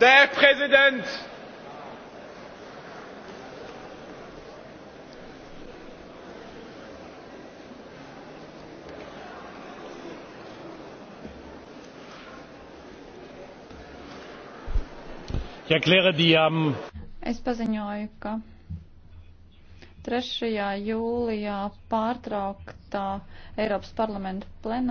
Der Präsident! Ich erkläre die am. Es paziņoju, ka 3. jūlijā pārtraukta Eiropas parlamenta plenāra.